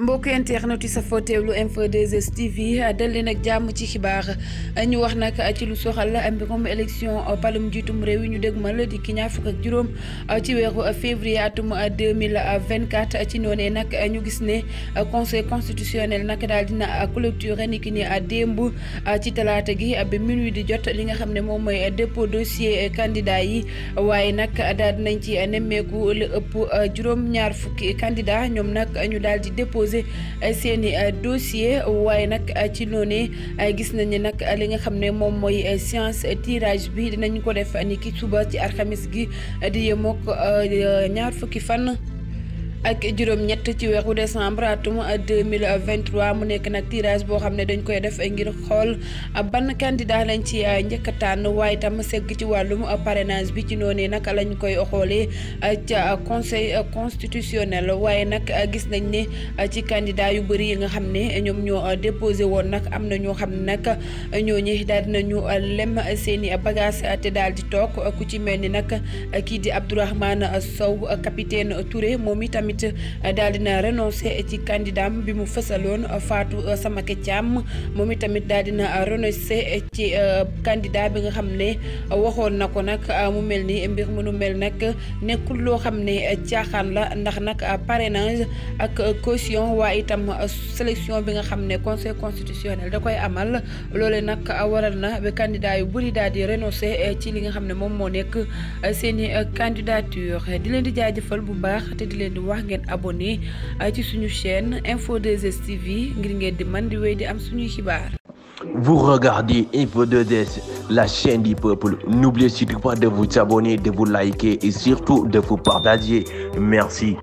mbokk internet yi sa foo teewlu info 2S TV dal leen ak jàmm ci xibaar a ñu wax nag ci lu soxal mbirum élection palum jiitum réew yi ñu dégmal di ki ñaar fukk ak juróom ci weeru février atum 2024 ci noonee nag ñu gis ne conseil constitutionnel nag daal dina clôture ni ki ni démb ci talaata gi ba minuit di jot li nga xam ne moom mooy dépôt dossier candidat yi waaye nag daal dinañ ci nemmeeku lu ëpp juróom ñaar fukki candidat ñoom nag ñu daal déposé euh, seen i euh, dossier waaye nag euh, ci ay gis nañ ne nag li nga xam ne moom mooy séance tirage bi dinañ ko def a ni ki suba ci alxamis gi di mook ñaar fukki fan ak juróom-ñett ci weeru décembre atum 2023 mu nekk nag tirage boo xam ne dañ koy def ngir xool ban candidat lañ ci euh, njëkk a tànn waaye tam segg ci wàllum parrainage bi ci noonu nag lañ koy xoolee euh, ca conseil constitutionnel waaye nag gis nañ ne euh, ci candidat yu bëri yi nga xam ne ñoom ñoo déposé woon nag am na ñoo xam ne nag ñooñu daal dinañu lem seen i bagage te daal di toog ku ci mel ni nag kii di Abdourahmane Sow capitaine Touré moom itam tamit eh, daal dina renoncé ci candidat bi mu fësaloon Fatou samake Thiam momi tamit dal dina renoncer ci eh, candidat bi nga xamné ne waxoon na eh, mu melni mbir mu nu mel nak nekul lo xamné tiaxan la ndax nak parrainage ak caution wa itam sélection bi nga xamné conseil constitutionnel da koy amal lolé nak waral na be candidat yu bëri dal di renoncé ci li nga xamné mom mo nek nekk candidature di di jajeufal bu baax te di len baax ngeen abonné ci suñu chaîne Info 2S TV ngir ngeen di man di wéy di am suñuy xibaar. Vous regardez Info 2S, la chaîne du peuple. N'oubliez surtout pas de vous abonner, de vous liker et surtout de vous partager. Merci.